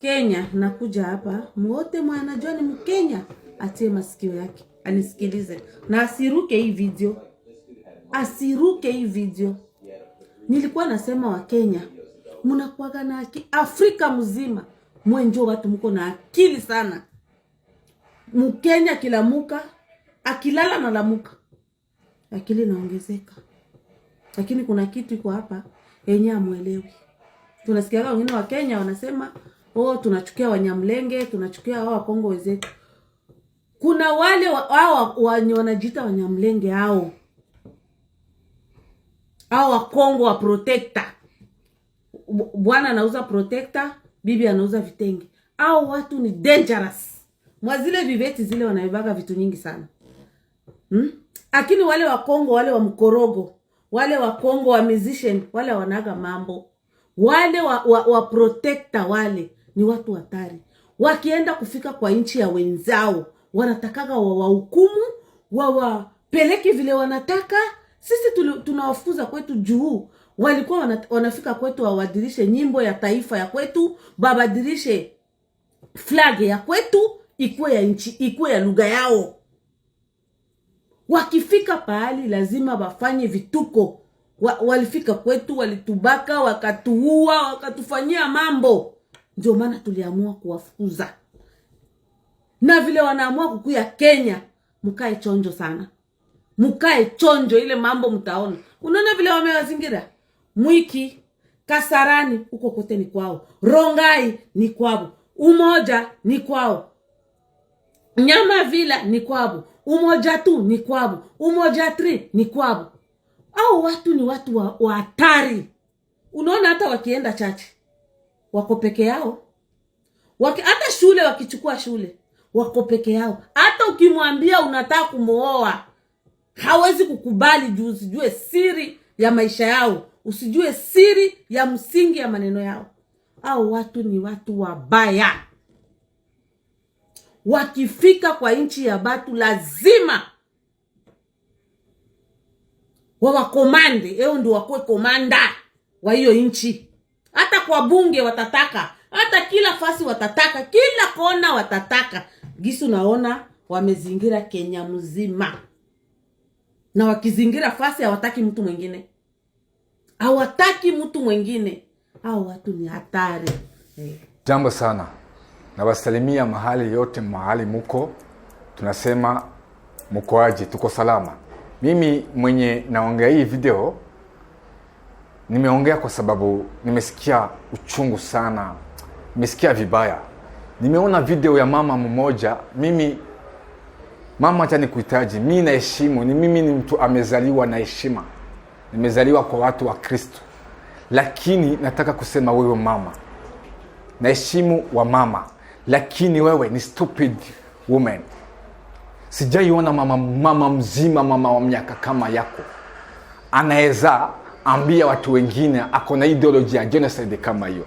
Kenya, nakuja hapa mwote, mwanajua ni Mkenya atie masikio yake anisikilize na asiruke hii video, asiruke hii video. Nilikuwa nasema wa Kenya mnakuaga na akili, Afrika mzima mwenjo watu mko na akili sana. Mkenya akilamuka akilala lamuka akili inaongezeka, lakini kuna kitu iko hapa yenye amwelewi. Tunasikia wengine wa Kenya wanasema oh, tunachukia Wanyamlenge, tunachukia hao Wakongo wenzetu. Kuna wale hao wanajiita Wanyamlenge hao hao Wakongo wa protector, bwana anauza protector, bibi anauza vitenge. Hao watu ni dangerous, mwa zile viveti zile wanaibaga vitu nyingi sana hmm? Lakini wale Wakongo wale wa mkorogo wale Wakongo wa musician wale wanaga mambo wale wa, wa, wa protector wale ni watu hatari. Wakienda kufika kwa nchi ya wenzao, wanatakaga wawahukumu, wawapeleke vile wanataka. Sisi tunawafukuza kwetu juu walikuwa wanafika kwetu wabadilishe nyimbo ya taifa ya kwetu, babadilishe flag ya kwetu ikuwe ya nchi, ikuwe ya lugha yao. Wakifika pahali lazima wafanye vituko wa, walifika kwetu walitubaka, wakatuua, wakatufanyia mambo ndio maana tuliamua kuwafukuza, na vile wanaamua kukuya Kenya, mkae chonjo sana, mkae chonjo, ile mambo mtaona. Unaona vile wamewazingira Mwiki, Kasarani, huko kote ni kwao, Rongai ni kwao, Umoja ni kwao, Nyama Vila ni kwao, Umoja tu ni kwao, Umoja tri ni kwao. Au watu ni watu wa hatari. Unaona hata wakienda chache wako peke yao waki, hata shule wakichukua shule wako peke yao. Hata ukimwambia unataka kumwoa hawezi kukubali, juu usijue siri ya maisha yao, usijue siri ya msingi ya maneno yao. Au watu ni watu wabaya. Wakifika kwa nchi ya batu lazima wawakomande, eo ndio wakwe komanda wa hiyo nchi hata kwa bunge watataka, hata kila fasi watataka, kila kona watataka. Gisi unaona wamezingira Kenya mzima, na wakizingira fasi hawataki mtu mwingine, hawataki mtu mwingine. Hao watu ni hatari. Eh. Jambo sana, nawasalimia mahali yote, mahali muko. Tunasema mkoaji, tuko salama. Mimi mwenye naongea hii video nimeongea kwa sababu nimesikia uchungu sana, nimesikia vibaya. Nimeona video ya mama mmoja. Mimi mama, acha nikuhitaji, mi naheshimu, ni mimi ni mtu amezaliwa na heshima, nimezaliwa kwa watu wa Kristo, lakini nataka kusema wewe mama, naheshimu wa mama, lakini wewe ni stupid woman. Sijaiona mama, mama mzima, mama wa miaka kama yako anaezaa ambia watu wengine ako na ideoloji ya genocide kama hiyo.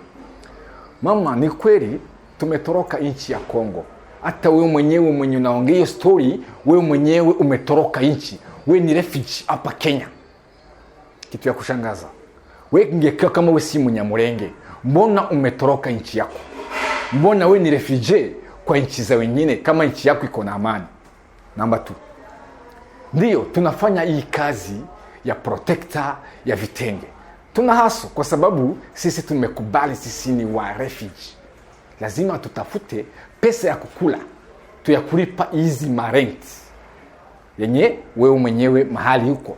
Mama, ni kweli tumetoroka nchi ya Kongo. Hata wewe mwenyewe mwenye unaongea hiyo story, wewe mwenyewe umetoroka nchi, wewe ni refugee hapa Kenya. Kitu ya kushangaza, wewe ingekuwa kama wewe si Mnyamurenge, mbona umetoroka nchi yako? Mbona wewe ni refugee kwa nchi za wengine kama nchi yako iko na amani? Namba 2 ndiyo tunafanya hii kazi ya protekta ya vitenge. Tuna haso kwa sababu sisi tumekubali, sisi ni wa refugee, lazima tutafute pesa ya kukula tuyakulipa kulipa hizi marent yenye wewe mwenyewe mahali huko.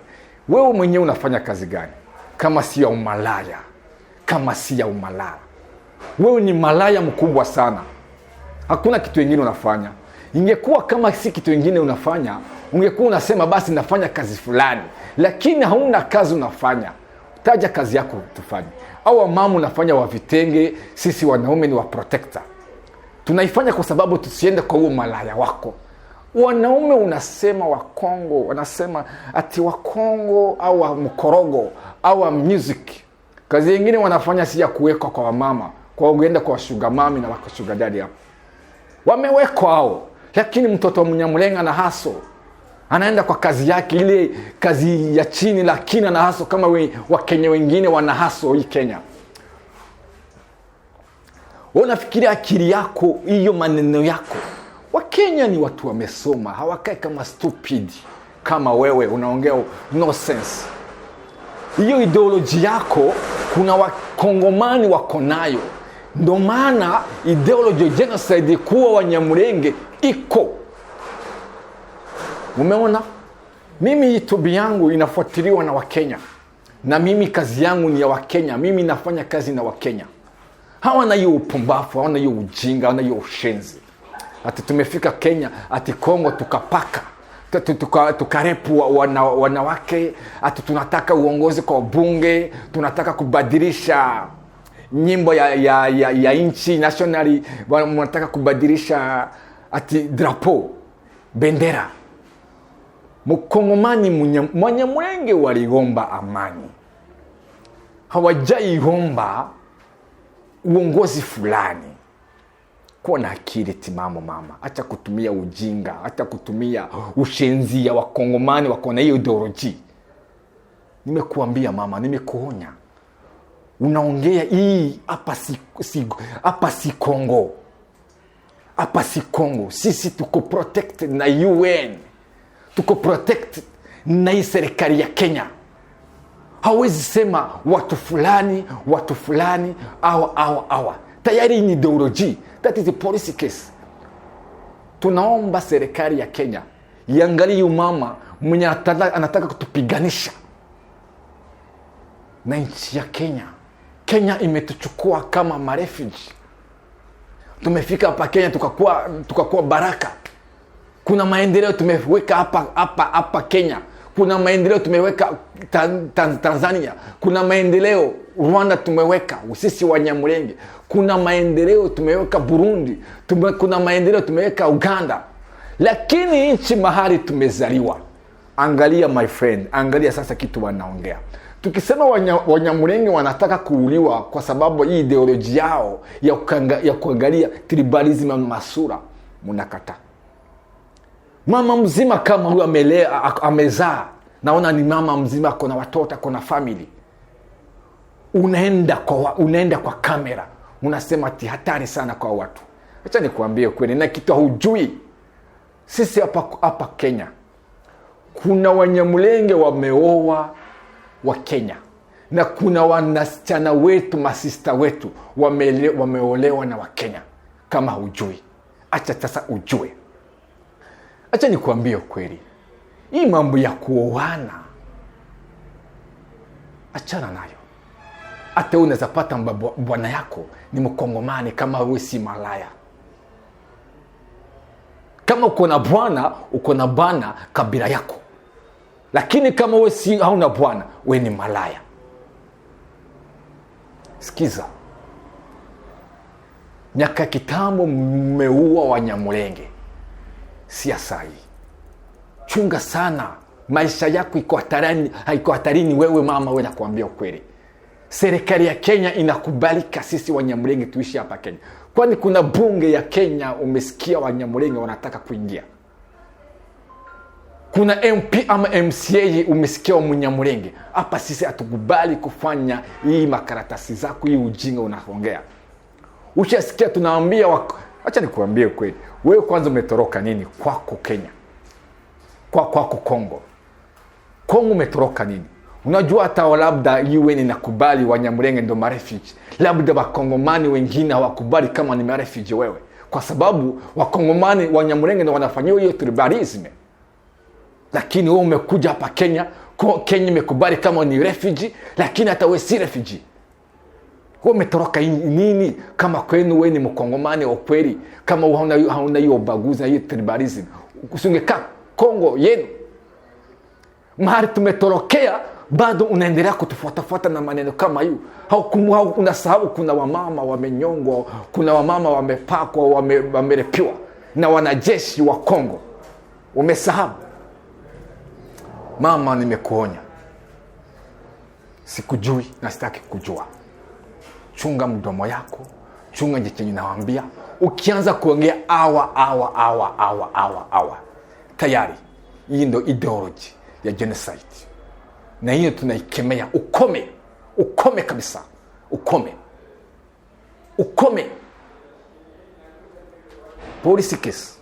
Wewe mwenyewe unafanya kazi gani kama si ya umalaya? Kama si ya umalaya, wewe ni malaya mkubwa sana. Hakuna kitu kingine unafanya. Ingekuwa kama si kitu kingine unafanya ungekuwa unasema basi nafanya kazi fulani, lakini hauna kazi unafanya. Taja kazi yako tufanye. Au wamama unafanya wavitenge, sisi wanaume ni waprotekta, tunaifanya kwa sababu tusiende kwa huo malaya wako wanaume unasema Wakongo wanasema ati Wakongo au wamkorogo au wa music. Kazi yingine wanafanya si ya kuwekwa kwa wamama, kwa ugenda kwa washugamami na wakashugadadi. Hapo wamewekwa hao, lakini mtoto wa Mnyamlenga na haso anaenda kwa kazi yake ile kazi ya chini lakini ana haso kama we, wakenya wengine wana haso hii kenya unafikiria akili yako hiyo maneno yako wakenya ni watu wamesoma hawakae kama stupid kama wewe unaongea sense hiyo ideoloji yako kuna wakongomani wako nayo ndo maana ideoloji genocide kuwa wanyamurenge iko umeona mimi youtube yangu inafuatiliwa na wakenya na mimi kazi yangu ni ya wakenya mimi nafanya kazi na wakenya hawana hiyo upumbafu hawana hiyo ujinga hawana hiyo ushenzi ati tumefika kenya ati kongo tukapaka tukarepu tuka, wana, wanawake ati tunataka uongozi kwa bunge tunataka kubadilisha nyimbo ya, ya, ya, ya nchi nationali wanataka kubadilisha ati drapo bendera mkongomani mwenge waligomba amani hawajaigomba uongozi fulani kuwa na akili timamo mama hacha kutumia ujinga hacha kutumia ushenzi ya wakongomani wakona hiyo ideoloji nimekuambia mama nimekuonya unaongea hii hapa si, si, hapa si kongo hapa si kongo sisi tuko protected na un tuko protect na hii serikali ya Kenya. Hawezi sema watu fulani watu fulani awa awa awa, tayari ni ideology. That is a policy case. Tunaomba serikali ya Kenya iangalie mama mwenye anataka kutupiganisha na nchi ya Kenya. Kenya imetuchukua kama marefuji, tumefika hapa Kenya tukakuwa tukakuwa baraka kuna maendeleo tumeweka hapa hapa hapa Kenya, kuna maendeleo tumeweka tan, tan, Tanzania, kuna maendeleo Rwanda tumeweka sisi Wanyamulenge, kuna maendeleo tumeweka Burundi tume, kuna maendeleo tumeweka Uganda, lakini nchi mahali tumezaliwa. Angalia my friend, angalia sasa kitu wanaongea tukisema Wanyamulenge wanya wanataka kuuliwa kwa sababu hii ideoloji yao ya, ya kuangalia tribalism masura, munakataa mama mzima kama huyo amezaa naona ni mama mzima akona watoto akona famili unaenda kwa, unaenda kwa kamera unasema ti hatari sana kwa watu hacha nikuambie kweli na kitu haujui sisi hapa hapa kenya kuna wanyamlenge wameoa wa kenya na kuna wanasichana wetu masista wetu wameolewa na wakenya kama hujui hacha sasa ujue acha nikuambie ukweli, hii mambo ya kuoana achana nayo. Hata wewe unaweza pata bwana yako ni Mkongomani kama wewe si malaya. Kama uko na bwana uko na bana kabila yako, lakini kama wewe si hauna bwana, we ni malaya. Sikiza, miaka ya kitambo mmeua Wanyamulenge si sahihi chunga sana maisha yako iko hatarini haiko hatarini wewe mama we nakuambia ukweli serikali ya kenya inakubalika sisi wanyamulenge tuishi hapa kenya kwani kuna bunge ya kenya umesikia wanyamulenge wanataka kuingia kuna mp ama mca umesikia mnyamulenge hapa sisi hatukubali kufanya hii makaratasi zako hii ujinga unaongea ushasikia tunaambia wako hacha nikuambie kweli wewe kwanza umetoroka nini kwako kenya kwa kwako kongo kongo umetoroka nini unajua hata labda un inakubali wanyamurenge ndo marefuge labda wakongomani wengine hawakubali kama ni marefuge wewe kwa sababu wakongomani wanyamrenge ndo wanafanyiwa hiyo tribalism lakini wewe umekuja hapa kenya kenya imekubali kama ni refugee lakini hata we si refugee wewe umetoroka nini kama kwenu we ni mkongomani wa kweli kama hauna hauna hiyo ubaguzi na hiyo tribalism usingekaa kongo yenu mahali tumetorokea bado unaendelea kutufuatafuata na maneno kama hiyo unasahau kuna wamama wamenyongwa kuna wamama wamepakwa wame, wamerepiwa na wanajeshi wa kongo umesahabu mama nimekuonya sikujui na sitaki kujua chunga mdomo yako chunga jichenye nawambia ukianza kuongea awa awa awa awa awa awa tayari hii ndo ideoloji ya genocide na hiyo tunaikemea ukome ukome kabisa ukome ukome polisi kesi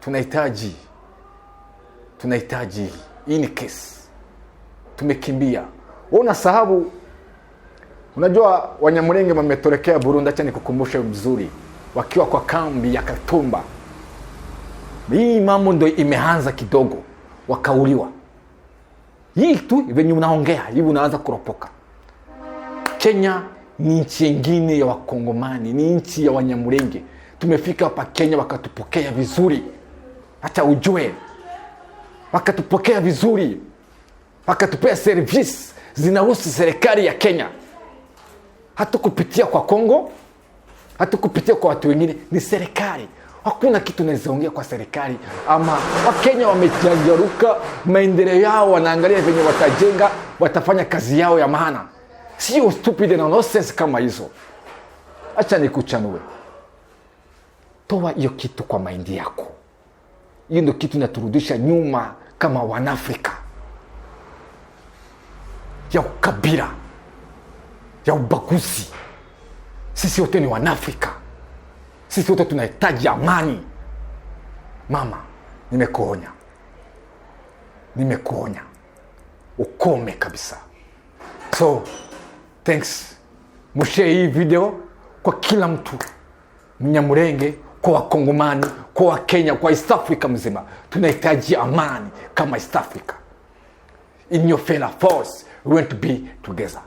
tunahitaji tunahitaji hii ni kesi tumekimbia una sababu Unajua Wanyamulenge wametolekea Burundi, acha nikukumbushe mzuri, wakiwa kwa kambi ya Katumba, hii mambo ndo imeanza kidogo, wakauliwa. Hii tu venye unaongea hivi unaanza kuropoka. Kenya ni nchi yengine ya Wakongomani, ni nchi ya Wanyamulenge. Tumefika hapa Kenya wakatupokea vizuri, hata ujue, wakatupokea vizuri, wakatupea service zinahusu serikali ya Kenya hatukupitia kwa Kongo, hatukupitia kwa watu wengine, ni serikali. Hakuna kitu naezaongea kwa serikali ama Wakenya wamejajaruka maendeleo yao, wanaangalia venye watajenga, watafanya kazi yao ya maana, sio stupid na nonsense kama hizo. Acha nikuchanue, toa hiyo kitu kwa maindi yako. Hiyo ndio kitu inaturudisha nyuma kama Wanafrika ya ukabila ya ubaguzi. Sisi wote ni Wanafrika, sisi wote tunahitaji amani. Mama, nimekuonya, nimekuonya, ukome kabisa. So thanks, mushee hii video kwa kila mtu, Mnyamurenge, kwa Wakongomani, kwa Wakenya, kwa East Africa mzima. Tunahitaji amani kama East Africa. In your fellow force, we want to be together.